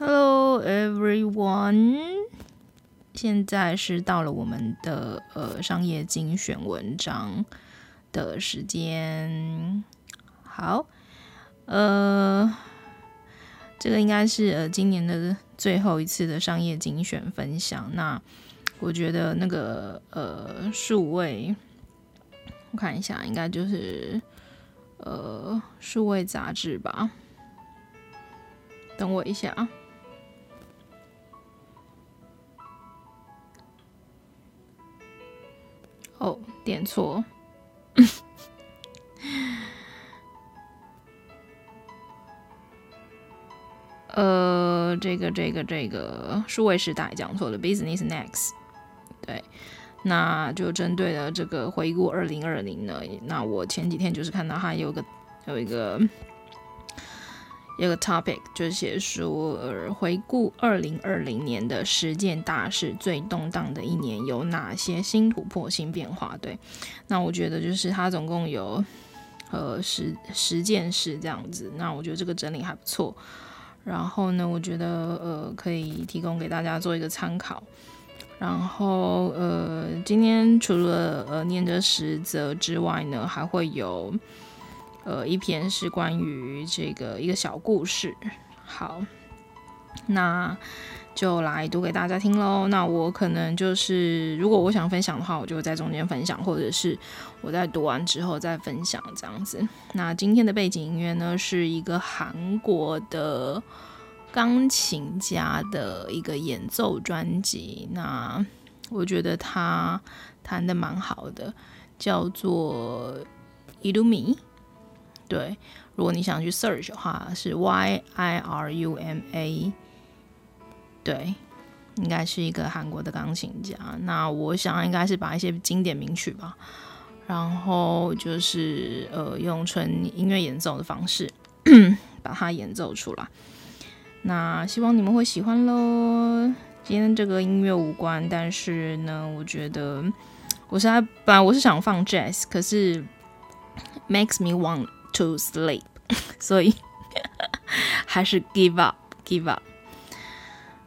Hello everyone，現在是到了我們的呃商業精選文章的時間。好，呃，這個應該是呃今年的最後一次的商業精選分享。那我覺得那個呃數位，我看一下，應該就是呃數位雜誌吧。等我一下啊。哦，oh, 點錯。 呃，這個這個這個數位時代講錯了，business next。對，那就針對了這個回顧二零二零呢？那我前幾天就是看到他有個有一個。有個 topic 就是說、呃、回顧二零二零年的十件大事，最動盪的一年有哪些新突破、新變化？對，那我覺得就是它總共有呃十十件事這樣子。那我覺得這個整理還不錯。然後呢，我覺得呃可以提供給大家做一個參考。然後呃，今天除了呃念着十則之外呢，還會有。呃，一篇是關於這個一個小故事，好，那就來讀給大家聽嘍。那我可能就是，如果我想分享的話，我就在中間分享，或者是我在讀完之後再分享這樣子。那今天的背景音樂呢，是一個韓國的鋼琴家的一個演奏專輯，那我覺得他彈得蠻好的，叫做《i l l u m i n 對，如果你想去 search 的話，是 Y I R U M A。對，應該是一個韓國的鋼琴家。那我想應該是把一些經典名曲吧，然後就是呃，用純音樂演奏的方式 把它演奏出來。那希望你們會喜歡嘍。今天這個音樂無關，但是呢，我覺得我現在本來我是想放 jazz，可是 makes me want。To sleep， 所以 還是 give up，give up。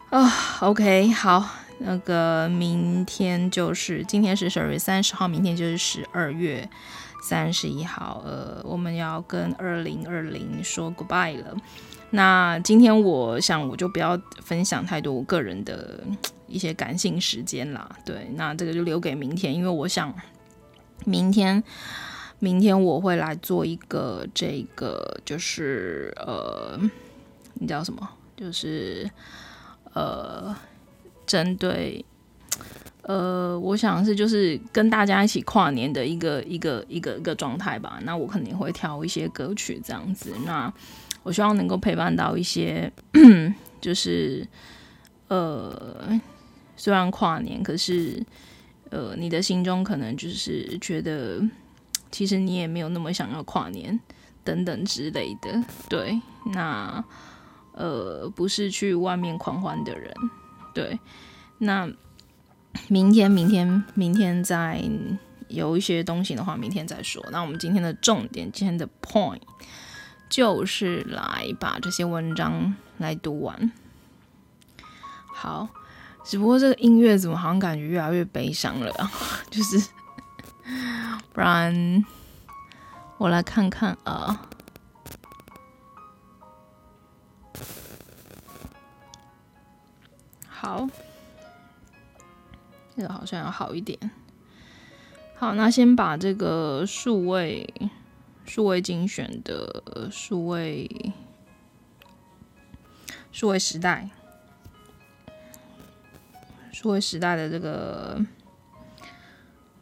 哦，OK，好，那個明天，就是今天是十二月三十號，明天就是十二月三十一號。呃，我們要跟二零二零說 goodbye 了。那今天我想我就不要分享太多我個人的一些感性時間啦。對，那這個就留給明天，因為我想明天。明天我會來做一個這個，就是呃，你知道什麼？就是呃，針對呃，我想是就是跟大家一起跨年的一個一個一個一個狀態吧。那我肯定會挑一些歌曲這樣子。那我希望能夠陪伴到一些， 就是呃，雖然跨年，可是呃，你的心中可能就是覺得。其實你也沒有那麼想要跨年，等等之類的。對，那呃，不是去外面狂歡的人。對，那明天、明天、明天再有一些東西的話，明天再說。那我們今天的重點，今天的 point 就是來把這些文章來讀完。好，只不過這個音樂怎麼好像感覺越來越悲傷了，就是。不然，我來看看啊。呃、好，這個好像要好一點。好，那先把這個數位數位精選的數位數位時代數位時代的這個。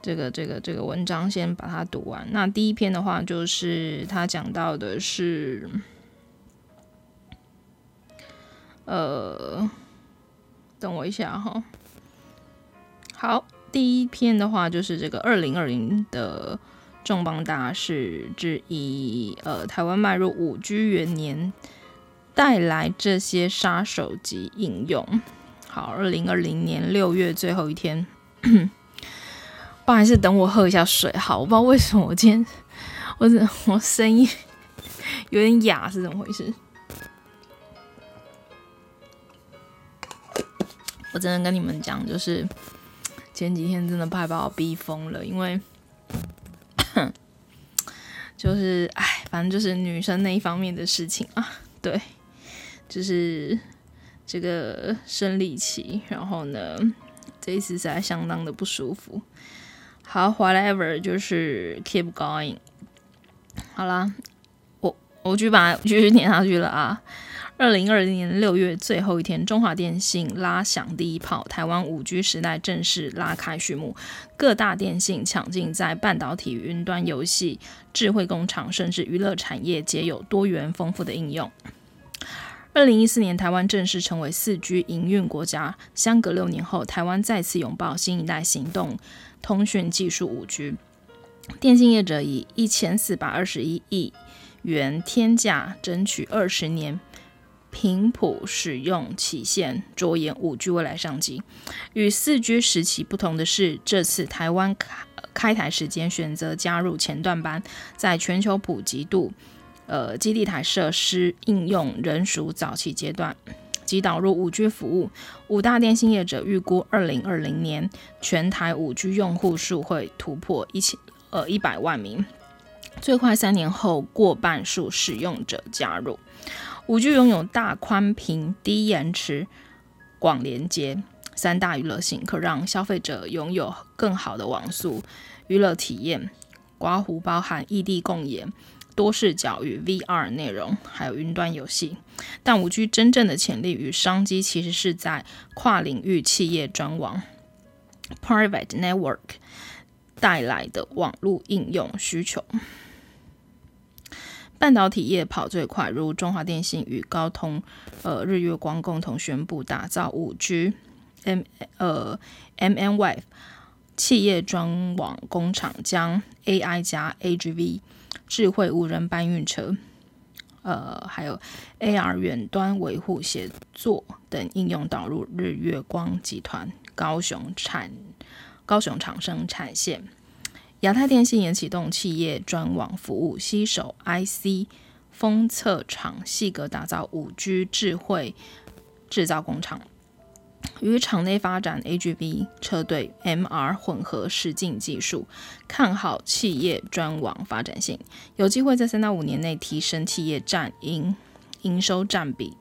這個這個這個文章先把它讀完。那第一篇的話，就是他講到的是，呃，等我一下哈。好，第一篇的話就是這個二零二零的重磅大事之一，呃，台灣邁入五 G 元年，帶來這些殺手級應用。好，二零二零年六月最後一天。 還是等我喝一下水好。我不知道為什麼我今天我怎麼聲音有點啞，是怎麼回事？我真的跟你們講，就是前幾天真的快把我逼瘋了，因為就是哎，反正就是女生那一方面的事情啊。對，就是這個生理期，然後呢，這一次實在相當的不舒服。好，whatever，就是 keep going。好啦，我我去把繼續念下去了啊。二零二零年六月最後一天，中華電信拉響第一炮，台灣五 G 時代正式拉開序幕。各大電信搶進，在半導體、雲端、遊戲、智慧工廠，甚至娛樂產業皆有多元豐富的應用。二零一四年，台灣正式成為四 G 營運國家。相隔六年後，台灣再次擁抱新一代行動通訊技術五 G，電信業者以一千四百二十一億元天價爭取二十年頻譜使用期限，着眼五 G 未來商機。與四 G 時期不同的是，這次台灣開、呃、開台時間選擇加入前段班，在全球普及度、呃基地台設施應用仍屬早期階段。及導入五 G 服務，五大電信業者預估，二零二零年全台五 G 用戶數會突破一千呃一百萬名，最快三年後過半數使用者加入五 G。擁有大寬頻、低延遲、廣連接三大娛樂性，可讓消費者擁有更好的網速娛樂體驗。刮胡，包含異地共研。多視角與 VR 內容，還有雲端遊戲，但 5G 真正的潛力與商機，其實是在跨領域企業專網 （Private Network） 帶來的網路應用需求。半導體業跑最快，如中華電信與高通、呃日月光共同宣布打造 5G M 呃 mmWave。企業專網工廠將 AI 加 AGV 智慧無人搬運車，呃，還有 AR 遠端維護協作等應用導入日月光集團高雄產高雄廠生產線。亞太電信也啟動企業專網服務，攜手 IC 封測廠矽格打造 5G 智慧製造工廠。於廠內發展 AGV 車隊、MR 混合實境技術，看好企業專網發展性，有機會在三到五年內提升企業占營，營收占比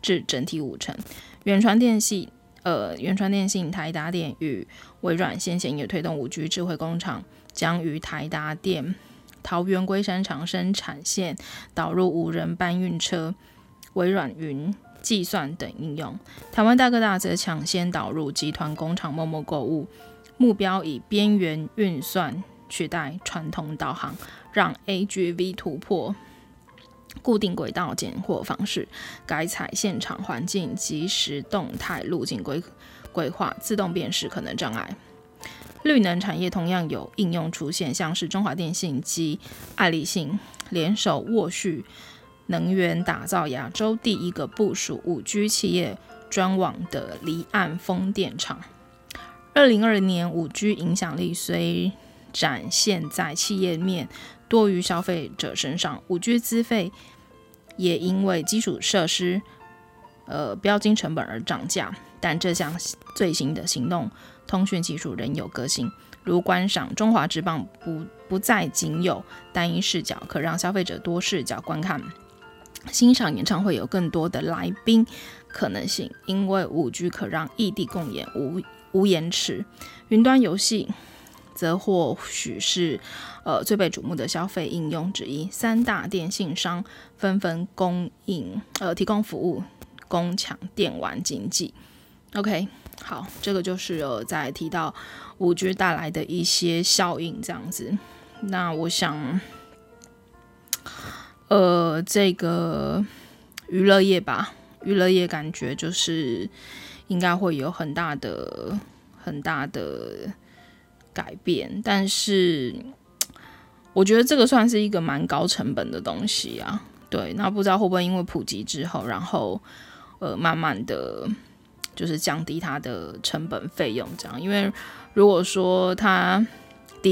至整體五成。遠傳電信、呃，遠傳電信、台達電與微軟先前也推動五 G 智慧工廠，將於台達電桃園龜山廠生產線導入無人搬運車，微軟雲，計算等應用，台灣大哥大則搶先導入集團工廠默默購物，目標以邊緣運算取代傳統導航，讓 AGV 突破固定軌道揀貨方式，改採現場環境即時動態路徑規規劃，自動辨識可能障礙。綠能產業同樣有應用出現，像是中華電信及愛立信聯手沃旭。能源打造亞洲第一個部署五 G 企業專網的離岸風電場。二零二零年，五 G 影響力雖展現在企業面多於消費者身上，五 G 資費也因為基礎設施呃標金成本而漲價。但這項最新的行動，通訊技術仍有革新，如觀賞《中華職棒》，不不再僅有單一視角，可讓消費者多視角觀看。欣賞演唱會有更多的來賓可能性，因為五 G 可讓異地共演無無延遲。雲端遊戲則或許是呃最被矚目的消費應用之一。三大電信商紛紛供應呃提供服務，攻搶電玩經濟。OK，好，這個就是呃在提到五 G 帶來的一些效應這樣子。那我想。呃，這個娛樂業吧，娛樂業感覺就是應該會有很大的、很大的改變，但是我覺得這個算是一個蠻高成本的東西啊。對，那不知道會不會因為普及之後，然後呃，慢慢的就是降低它的成本費用這樣，因為如果說它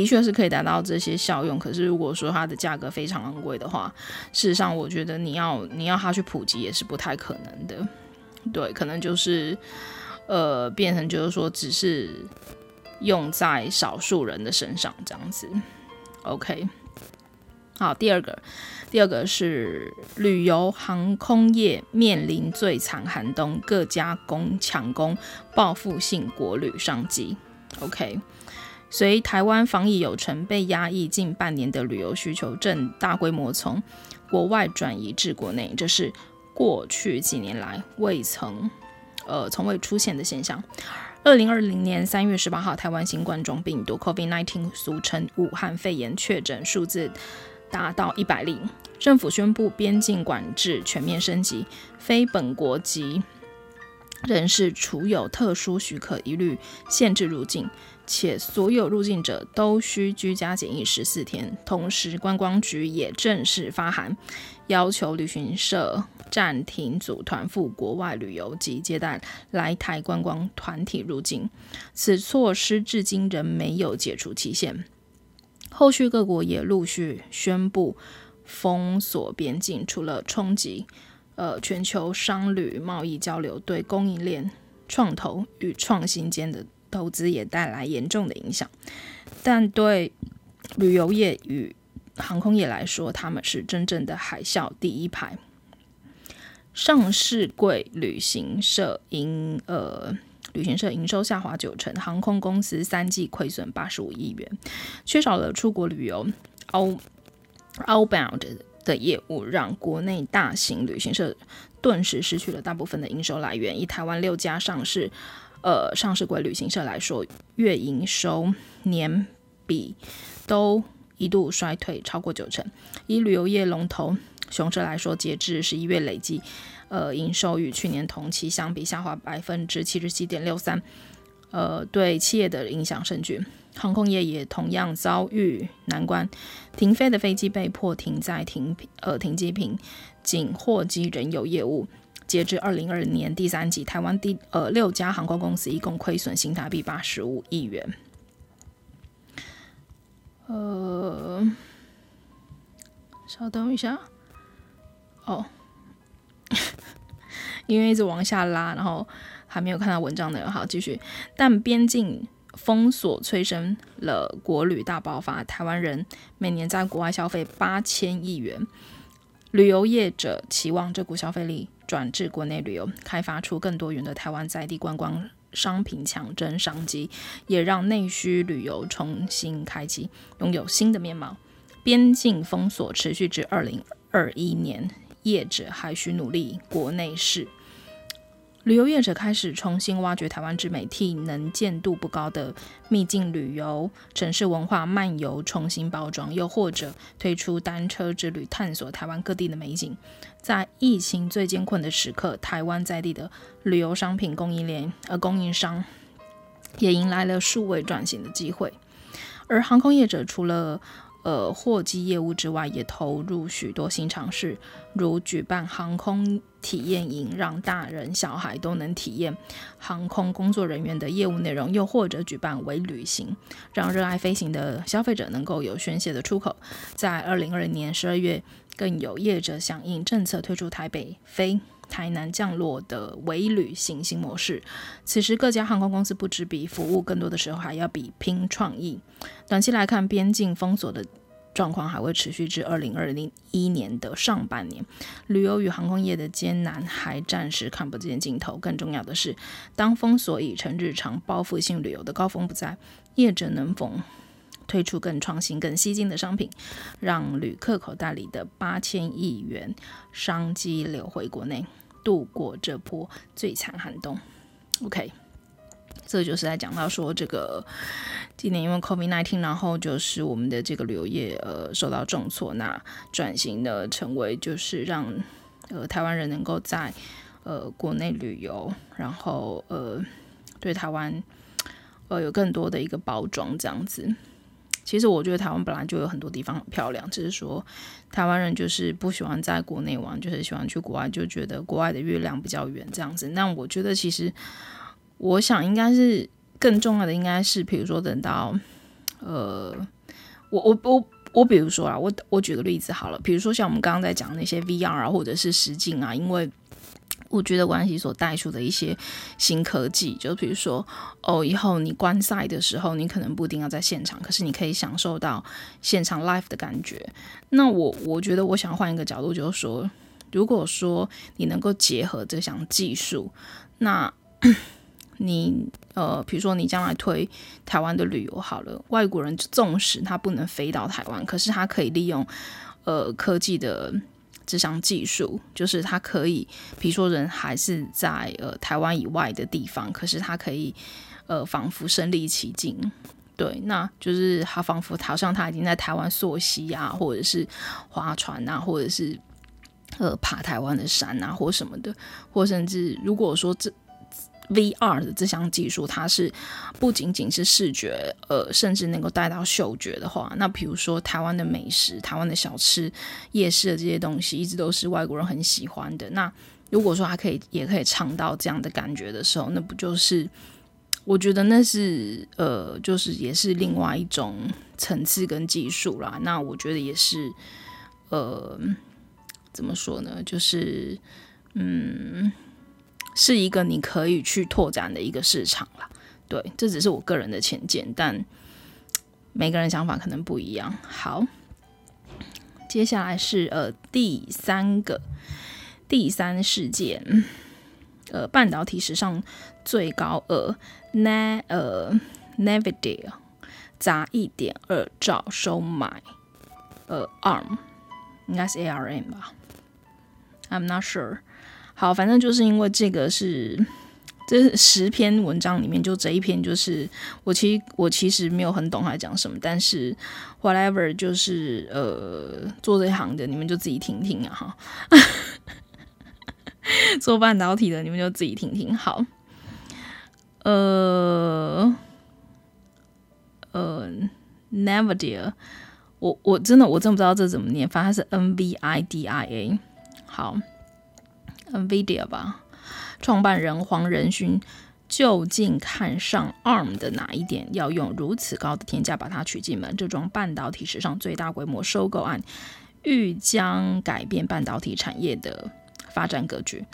的確是可以達到這些效用，可是如果說它的價格非常昂貴的話，事實上我覺得你要你要它去普及也是不太可能的，對，可能就是，呃，變成就是說只是用在少數人的身上這樣子。OK，好，第二個，第二個是旅遊航空業面臨最慘寒冬，各家工搶攻報復性國旅商機。OK。隨台灣防疫有成，被壓抑近半年的旅遊需求正大規模從國外轉移至國內，這是過去幾年來未曾，呃，從未出現的現象。二零二零年三月十八號，台灣新冠狀病毒 （COVID-19），俗稱武漢肺炎，確診數字達到一百例，政府宣布邊境管制全面升級，非本國籍人士除有特殊許可，一律限制入境。且所有入境者都需居家檢疫十四天。同時，觀光局也正式發函，要求旅行社暫停組團赴國外旅遊及接待來台觀光團體入境。此措施至今仍沒有解除期限。後續各國也陸續宣布封鎖邊境，除了衝擊呃全球商旅貿易交流，對供應鏈、創投與創新間的。投資也帶來嚴重的影響，但對旅遊業與航空業來說，他們是真正的海嘯第一排。上市櫃旅行社營呃，旅行社營收下滑九成，航空公司三季虧損八十五億元，缺少了出國旅遊 out outbound 的業務，讓國內大型旅行社頓時失去了大部分的營收來源。以台灣六家上市呃，上市櫃旅行社來說，月營收年比都一度衰退超過九成。以旅遊業龍頭雄獅來說，截至十一月累計，呃，營收與去年同期相比下滑百分之七十七點六三，呃，對企業的影響甚巨。航空業也同樣遭遇難關，停飛的飛機被迫停在停呃停機坪，僅貨機仍有業務。截至二零二零年第三季，台灣第呃六家航空公司一共虧損新台幣八十五億元。呃，稍等一下，哦，因 為一直往下拉，然後還沒有看到文章的，好，繼續。但邊境封鎖催生了國旅大爆發，台灣人每年在國外消費八千億元，旅遊業者期望這股消費力，轉至國內旅遊，開發出更多元的台灣在地觀光商品，搶爭商機，也讓內需旅遊重新開機，擁有新的面貌。邊境封鎖持續至二零二一年，業者還需努力。國內市。旅遊業者開始重新挖掘台灣之美，替能見度不高的秘境旅遊、城市文化漫遊重新包裝，又或者推出單車之旅，探索台灣各地的美景。在疫情最艱困的時刻，台灣在地的旅遊商品供應鏈呃供應商也迎來了數位轉型的機會。而航空業者除了呃，貨機業務之外，也投入許多新嘗試，如舉辦航空體驗營，讓大人小孩都能體驗航空工作人員的業務內容；又或者舉辦偽旅行，讓熱愛飛行的消費者能夠有宣泄的出口。在二零二零年十二月，更有業者響應政策推出台北飛台南降落的微旅行型模式，此時各家航空公司不止比服務，更多的時候還要比拼創意。短期來看，邊境封鎖的狀況還會持續至二零二一年的上半年，旅遊與航空業的艱難還暫時看不見盡頭。更重要的是，當封鎖已成日常，報復性旅遊的高峰不再，業者能否？推出更創新、更吸金的商品，讓旅客口袋裡的八千億元商機流回國內，度過這波最慘寒冬。OK，這就是在講到說，這個今年因為 COVID-19，然後就是我們的這個旅遊業呃受到重挫，那轉型的成為就是讓呃台灣人能夠在呃國內旅遊，然後呃對台灣呃有更多的一個包裝這樣子。其實我覺得台灣本來就有很多地方很漂亮，只是說台灣人就是不喜歡在國內玩，就是喜歡去國外，就覺得國外的月亮比較圓這樣子。那我覺得其實，我想應該是更重要的應該是，比如說等到，呃，我我我我比如說啊，我我舉個例子好了，比如說像我們剛剛在講的那些 VR 啊，或者是實境啊，因為，五 G 的關係所帶出的一些新科技，就比如說，哦，以後你觀賽的時候，你可能不一定要在現場，可是你可以享受到現場 live 的感覺。那我我覺得，我想換一個角度，就是說，如果說你能夠結合這項技術，那 你呃，比如說你將來推台灣的旅遊好了，外國人縱使他不能飛到台灣，可是他可以利用呃科技的。這項技術就是它可以，比如說人還是在呃台灣以外的地方，可是它可以呃仿佛身臨其境，對，那就是他仿佛好像他已經在台灣溯溪啊，或者是划船啊，或者是呃爬台灣的山啊，或什麼的，或甚至如果說這。VR 的這項技術，它是不僅僅是視覺，呃，甚至能夠帶到嗅覺的話，那比如說台灣的美食、台灣的小吃、夜市的這些東西，一直都是外國人很喜歡的。那如果說還可以，也可以嘗到這樣的感覺的時候，那不就是？我覺得那是呃，就是也是另外一種層次跟技術啦。那我覺得也是，呃，怎麼說呢？就是嗯。是一個你可以去拓展的一個市場了，對，這只是我個人的淺見，但每個人想法可能不一樣。好，接下來是呃第三個第三事件，呃半導體史上最高額 A，呃 Nvidia 砸一點二兆收買呃 ARM，應該是 ARM 吧？I'm not sure。好，反正就是因為這個是這是十篇文章裡面就這一篇，就是我其實我其實沒有很懂他講什麼，但是 whatever 就是呃做這一行的，你們就自己聽聽啊哈。好 做半導體的，你們就自己聽聽。好，呃呃，NVIDIA，我我真的我真不知道這怎麼念，反正它是 N V I D I A。好。Nvidia 吧，創辦人黃仁勳究竟看上 ARM 的哪一點，要用如此高的天價把它娶進門？這樁半導體史上最大規模收購案，欲將改變半導體產業的發展格局。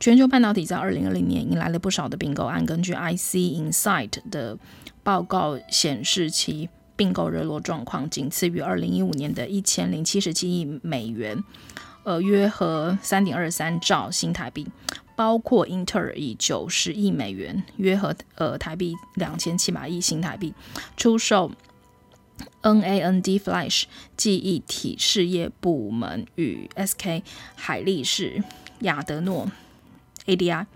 全球半導體在二零二零年迎來了不少的併購案，根據 IC Insight 的報告顯示，其併購熱絡狀況僅次於二零一五年的一千零七十七億美元。呃，約合三點二三兆新台幣，包括英特爾以九十億美元，約合呃台幣兩千七百億新台幣，出售 NAND Flash 記憶體事業部門與 SK 海力士、亞德諾 （ADI）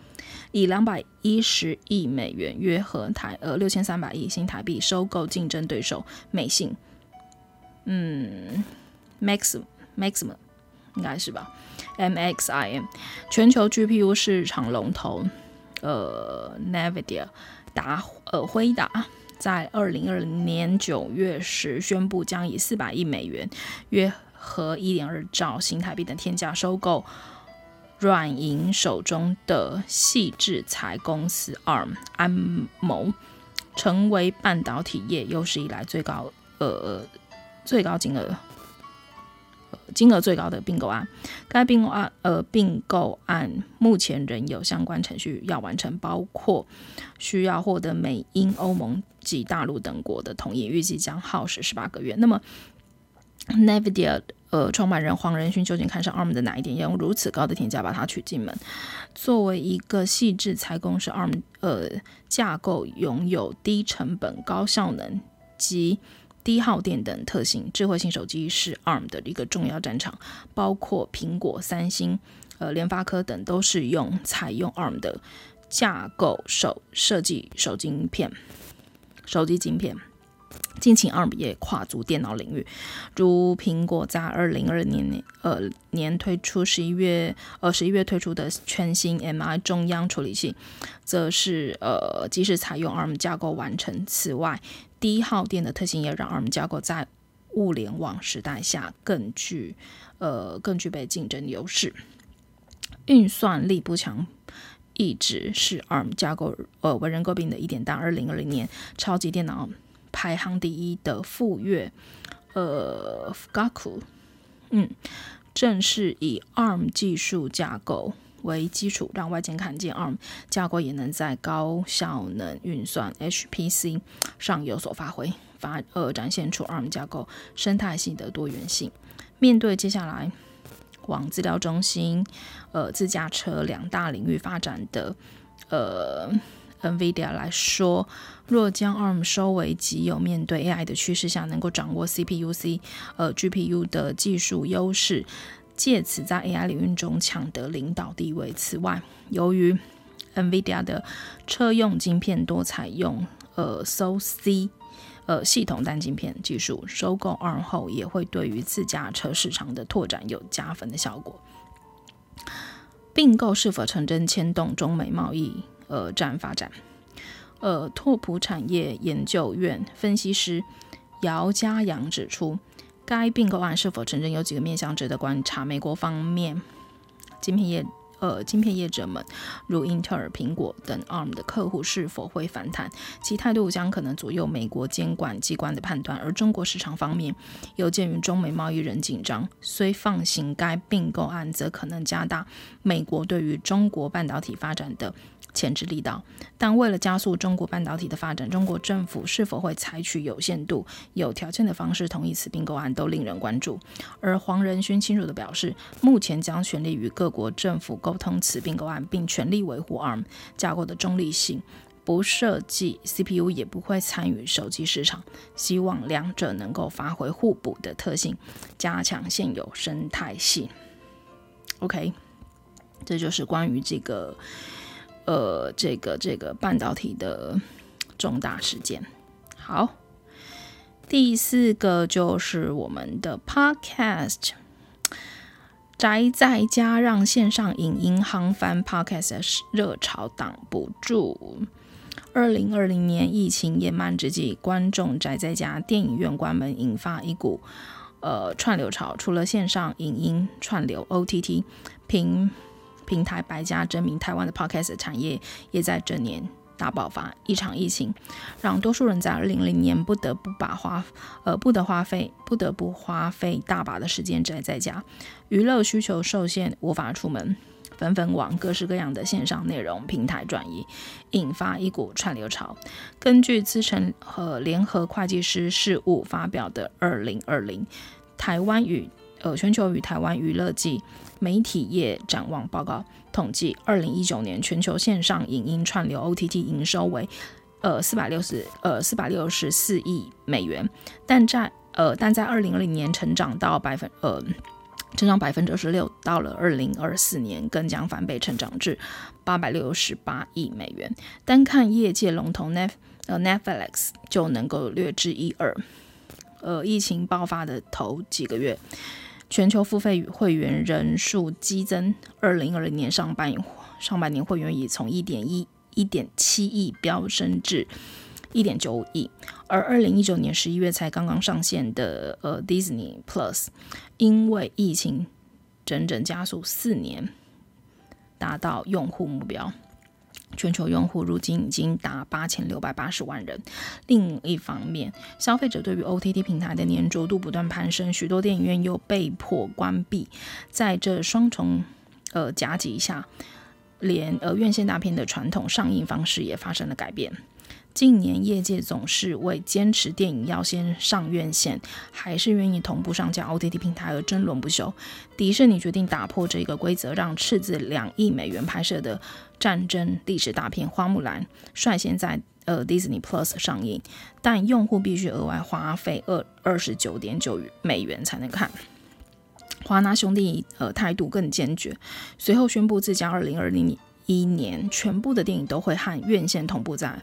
以兩百一十億美元，約合台呃六千三百億新台幣，收購競爭對手美信，嗯，Maxim Maxim，應該是吧，MXIM 全球 GPU 市場龍頭，呃，NVIDIA 達呃輝達在二零二零年九月時宣布將以四百億美元，約合一點二兆新台幣的天價收購軟銀手中的矽智財公司 ARM 安謀，成為半導體業有史以來最高呃最高金額。金額最高的併購案，該併購案呃併購案目前仍有相關程序，要完成，包括需要獲得美、英、歐盟及大陸等國的同意，預計將耗時十八個月。那麼，Nvidia 呃創辦人黃仁勳究竟看上 ARM 的哪一點，要用如此高的天價把它娶進門？作為一個矽智財公司，ARM 呃架構擁有低成本、高效能及。低耗電等特性，智慧型手機是 ARM 的一個重要戰場，包括蘋果、三星、呃，聯發科等都是用採用 ARM 的架構手設計手機晶片、手機晶片。近期，ARM 也跨足電腦領域，如蘋果在二零二零年呃年推出十一月呃十一月推出的全新 M1 中央處理器，則是呃即使採用 ARM 架構完成。此外，低耗電的特性也讓 ARM 架構在物聯網時代下更具呃更具備競爭優勢。運算力不強一直是 ARM 架構呃為人詬病的一點，但二零二零年超級電腦排行第一的富岳，呃，Gaku，嗯，正是以 ARM 技術架構為基礎，讓外界看見 ARM 架構也能在高效能運算 HPC 上有所發揮，發呃展現出 ARM 架構生態系的多元性。面對接下來往資料中心、呃，自駕車兩大領域發展的，呃，NVIDIA 來說。若將 ARM 收為己有，面對 AI 的趨勢下，能夠掌握 CPU、C 呃 GPU 的技術優勢，借此在 AI 領域中搶得領導地位。此外，由於 NVIDIA 的車用晶片多採用呃 SoC 呃系統單晶片技術，收購 ARM 後也會對於自駕車市場的拓展有加分的效果。併購是否成真，牽動中美貿易呃戰發展。呃，拓普產業研究院分析師姚家陽指出，該併購案是否成真有幾個面向值得觀察。美國方面，晶片業呃，晶片業者們如英特爾、蘋果等 ARM 的客戶是否會反彈？其態度將可能左右美國監管機關的判斷。而中國市場方面，又鑑於中美貿易仍緊張，雖放行該併購案，則可能加大美國對於中國半導體發展的。牽制力道，但為了加速中國半導體的發展，中國政府是否會採取有限度、有條件的方式同意此併購案，都令人關注。而黃仁勳清楚地表示，目前將全力與各國政府溝通此併購案，並全力維護 ARM 架構的中立性，不設計 CPU，也不會參與手機市場。希望兩者能夠發揮互補的特性，加強現有生態系。OK，這就是關於這個。呃，這個這個半導體的重大事件。好，第四個就是我們的 podcast，宅在家讓線上影音夯翻 podcast 熱潮擋不住。二零二零年疫情延漫之際，觀眾宅在家，電影院關門，引發一股呃串流潮。除了線上影音串流，OTT 平平台百家爭鳴，證明台灣的 Podcast 產業也在整年大爆發。一場疫情讓多數人在2020年不得不把花呃不得花費不得不花費大把的時間宅在家，娛樂需求受限，無法出門，紛紛往各式各樣的線上內容平台轉移，引發一股串流潮。根據資誠和聯合會計師事務發表的2020台灣與呃全球與台灣娛樂季。媒體業展望報告統計，二零一九年，全球線上影音串流 OTT 營收為，呃四百六十呃四百六十四億美元，但在呃但在二零二零年成長到百分呃成長百分之二十六，到了二零二四年更將翻倍成長至八百六十八億美元。單看業界龍頭 Net、呃、Netflix 就能夠略知一二，呃疫情爆發的頭幾個月。全球付費與會員人數激增，二零二零年上半年上半年會員已從一點一一點七億飆升至一點九五億，而二零一九年十一月才剛剛上線的呃 Disney Plus，因為疫情整整加速四年，達到用戶目標。全球用戶如今已經達八千六百八十萬人。另一方面，消費者對於 OTT 平台的粘着度不斷攀升，許多電影院又被迫關閉。在這雙重呃夾擊下，連呃院線大片的傳統上映方式也發生了改變。近年，業界總是為堅持電影要先上院線，還是願意同步上架 OTT 平台而爭論不休。迪士尼決定打破這個規則，讓斥資兩億美元拍攝的戰爭歷史大片《花木蘭》率先在呃 Disney Plus 上映，但用戶必須額外花費二二十九點九美元才能看。華納兄弟呃態度更堅決，隨後宣布自家二零二零一年全部的電影都會和院線同步在。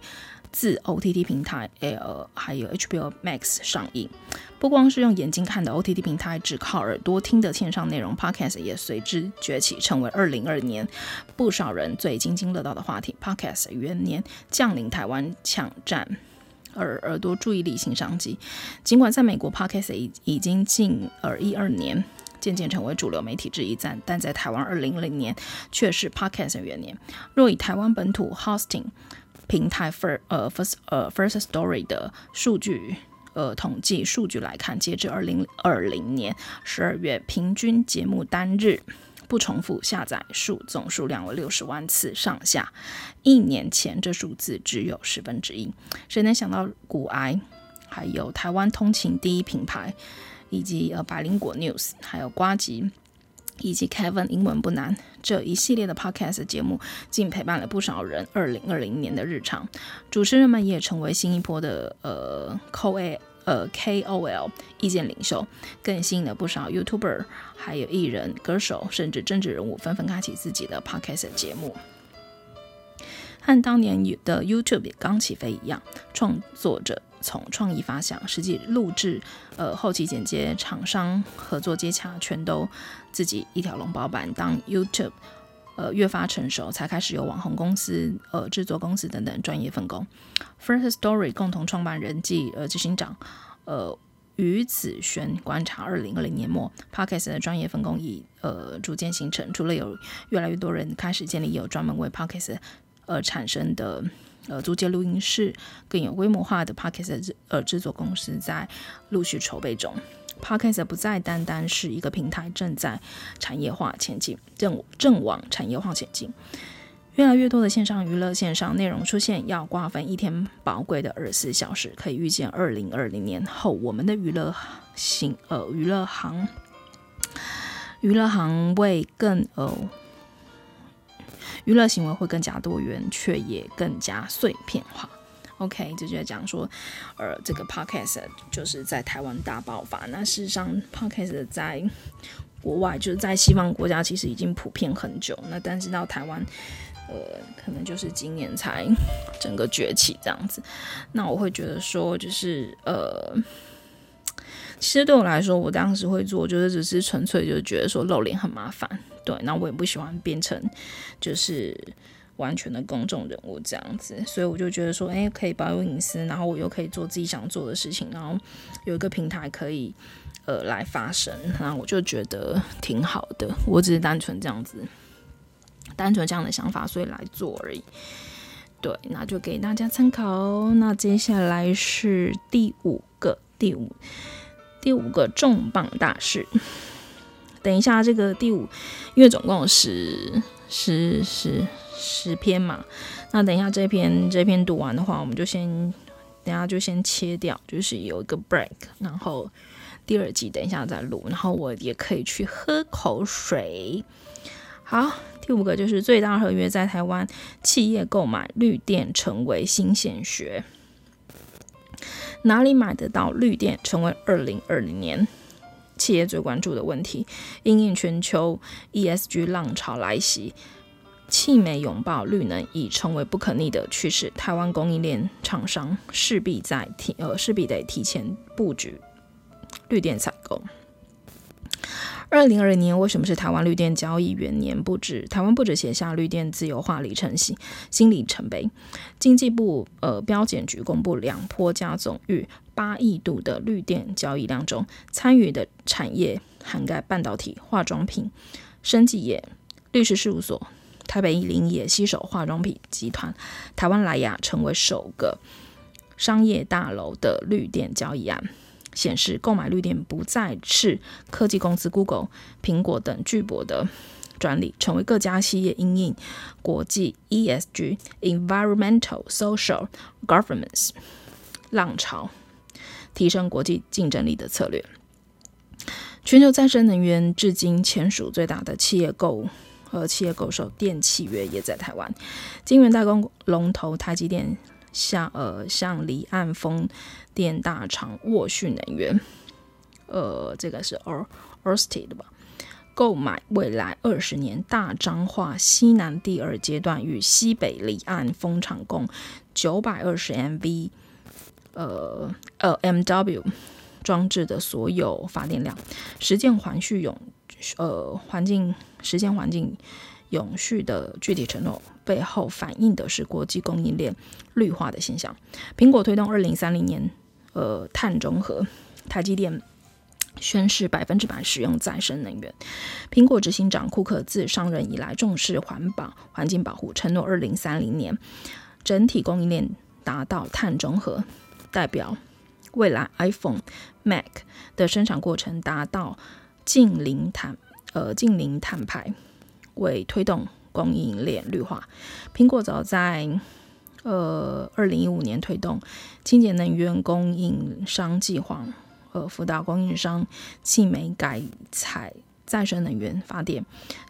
自 OTT 平台，L 還有 HBO Max 上映，不光是用眼睛看的，OTT 平台只靠耳朵聽的線上內容 Podcast 也隨之崛起，成為二零二零年不少人最津津樂道的話題。Podcast 元年降臨台灣，搶占耳耳朵注意力新商機。儘管在美國 Podcast 已已經近呃一二年，漸漸成為主流媒體之一戰，但在台灣二零二零年卻是 Podcast 元年。若以台灣本土 Hosting，平台 first 呃 first 呃 Firstory 的數據呃統計數據來看，截至二零二零年十二月，平均節目單日不重複下載數總數量為六十萬次上下。一年前，這數字只有十分之一。誰能想到股癌，股癌還有台灣通勤第一品牌，以及呃百靈果 news，還有呱吉。以及 Kevin 英文不難這一系列的 podcast 節目，竟陪伴了不少人2020年的日常。主持人們也成為新一波的呃 co 呃 KOL 意見領袖，更吸引了不少 YouTuber，還有藝人、歌手，甚至政治人物紛紛開啟自己的 podcast 節目，和當年的 YouTube 剛起飛一樣，創作者。從創意發想，實際錄製，呃，後期剪接，廠商合作接洽，全都自己一條龍包辦。當 YouTube，呃，越發成熟，才開始有網紅公司、呃，製作公司等等專業分工。Firstory 共同創辦人暨呃執行長，呃，於子軒觀察，二零二零年末，Podcast 的專業分工已呃逐漸形成，除了有越來越多人開始建立有專門為 Podcast 而、呃、產生的。呃，租借錄音室，更有規模化的 Podcast 呃製作公司在陸續籌備中。Podcast 不再單單是一個平台，正在產業化前進，正正往產業化前進。越來越多的線上娛樂、線上內容出現，要瓜分一天寶貴的二十四小時。可以預見，二零二零年後，我們的娛樂行呃娛樂行娛樂行為更哦。娛樂行為會更加多元，卻也更加碎片化。OK，就覺得講說，呃，這個 podcast 就是在台灣大爆發。那事實上，podcast 在國外就是在西方國家其實已經普遍很久。那但是到台灣，呃，可能就是今年才整個崛起這樣子。那我會覺得說，就是呃。其實對我來說，我當時會做，就是只是純粹就覺得說露臉很麻煩，對，那我也不喜歡變成就是完全的公眾人物這樣子，所以我就覺得說，哎、欸，可以保有隱私，然後我又可以做自己想做的事情，然後有一個平台可以呃來發聲，那我就覺得挺好的。我只是單純這樣子，單純這樣的想法所以來做而已。對，那就給大家參考。那接下來是第五個，第五。第五個重磅大事，等一下這個第五，因為總共有十十十十篇嘛，那等一下這篇這篇讀完的話，我們就先等一下就先切掉，就是有一個 break，然後第二集等一下再錄，然後我也可以去喝口水。好，第五個就是最大合約在台灣企業購買綠電成為新顯學。哪裡買得到綠電，成為2020年企業最關注的問題。因應全球 ESG 浪潮來襲，棄煤擁抱綠能已成為不可逆的趨勢。台灣供應鏈廠商勢必在提呃，勢必得提前布局綠電採購。二零二零年為什麼是台灣綠電交易元年？不止台灣不止寫下綠電自由化里程碑，新里程碑。經濟部呃標檢局公布兩波加總逾八億度的綠電交易量中，參與的產業涵蓋半導體、化妝品、生技業、律師事務所、台北一零一也攜手化妝品集團、台灣萊雅成為首個商業大樓的綠電交易案。顯示購買綠電不再是科技公司 Google、蘋果等巨擘的專利，成為各家企業因應國際 ESG（Environmental、Social、Governance） 浪潮，提升國際競爭力的策略。全球再生能源至今簽署最大的企業購物和企業購售電契約也在台灣，晶圓代工龍頭台積電向呃向離岸風。電大廠沃旭能源，呃，這個是 Orsted 的吧？購買未來二十年大彰化西南第二階段與西北離岸風場共九百二十 MV，呃，MW 裝置的所有發電量，實踐環續永，呃，環境實踐環境永續的具體承諾背後，反映的是國際供應鏈綠化的現象。蘋果推動二零三零年。呃，碳中和，台積電宣示百分之百使用再生能源。蘋果執行長庫克自上任以來重視環保、環境保護，承諾二零三零年整體供應鏈達到碳中和，代表未來 iPhone、Mac 的生產過程達到近零碳，呃，近零碳排。為推動供應鏈綠化，蘋果早在呃，二零一五年推動清潔能源供應商計劃，呃，輔導供應商棄煤改採再生能源發電。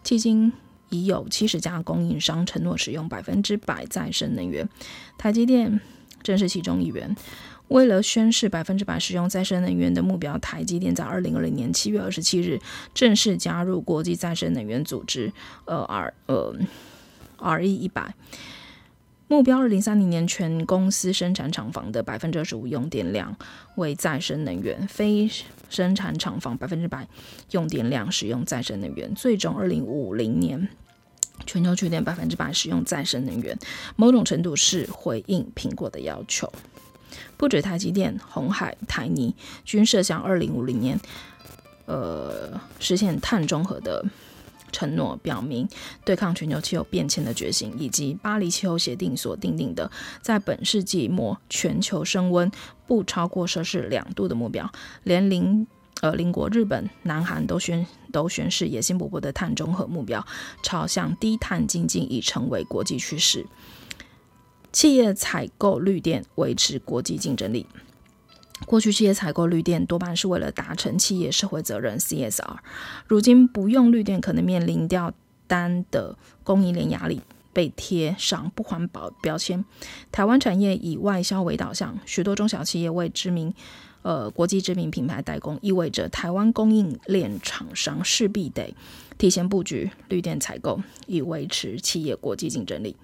迄今已有七十家供應商承諾使用百分之百再生能源，台積電正是其中一員。為了宣示百分之百使用再生能源的目標，台積電在二零二零年七月二十七日正式加入國際再生能源組織，呃，呃，R 呃，RE 一百。目標二零三零年，全公司生產廠房的百分之二十五用電量為再生能源，非生產廠房百分之百用電量使用再生能源。最終二零五零年，全球用電百分之百使用再生能源，某種程度是回應蘋果的要求。不止台積電、鴻海、台泥均設想二零五零年，呃，實現碳中和的。承諾表明對抗全球氣候變遷的決心，以及巴黎氣候協定所訂定定的在本世紀末全球升溫不超過攝氏兩度的目標。連鄰呃鄰國日本、南韓都宣都宣示野心勃勃的碳中和目標，朝向低碳經濟已成為國際趨勢。企業採購綠電，維持國際競爭力。過去企業採購綠電多半是為了達成企業社會責任 （CSR），如今不用綠電可能面臨掉單的供應鏈壓力，被貼上不環保標籤。台灣產業以外銷為導向，許多中小企業為知名。呃，國際知名品牌代工意味着台灣供應鏈，鏈廠商勢必得提前布局綠電採購，以維持企業國際競爭力。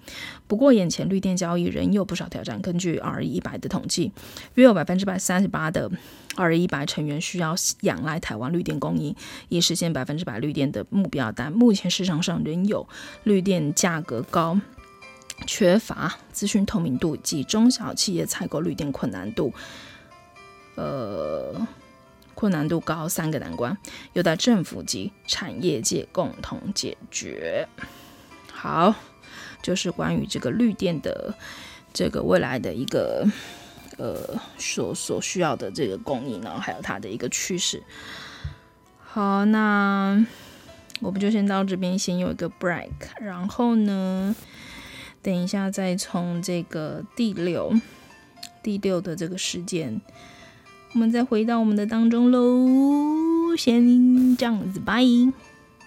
不過，眼前綠電交易，仍有不少挑戰。根據 R 一百的統計，約有百分之百三十八的 R 一百成員需要仰賴台灣綠電供應，以實現百分之百綠電的目標。但目前市場上仍有綠電價格高、缺乏資訊透明度及中小企業採購綠電困難度。呃，困難度高，三個難關有待政府及產業界共同解決。好，就是關於這個綠電的這個未來的一個呃所、所需要的這個供應呢，還有它的一個趨勢。好，那我們就先到這邊，先有一個 break，然後呢，等一下再從這個第六第六的這個事件。我們再回到我們的當中嘍，先這樣子，拜。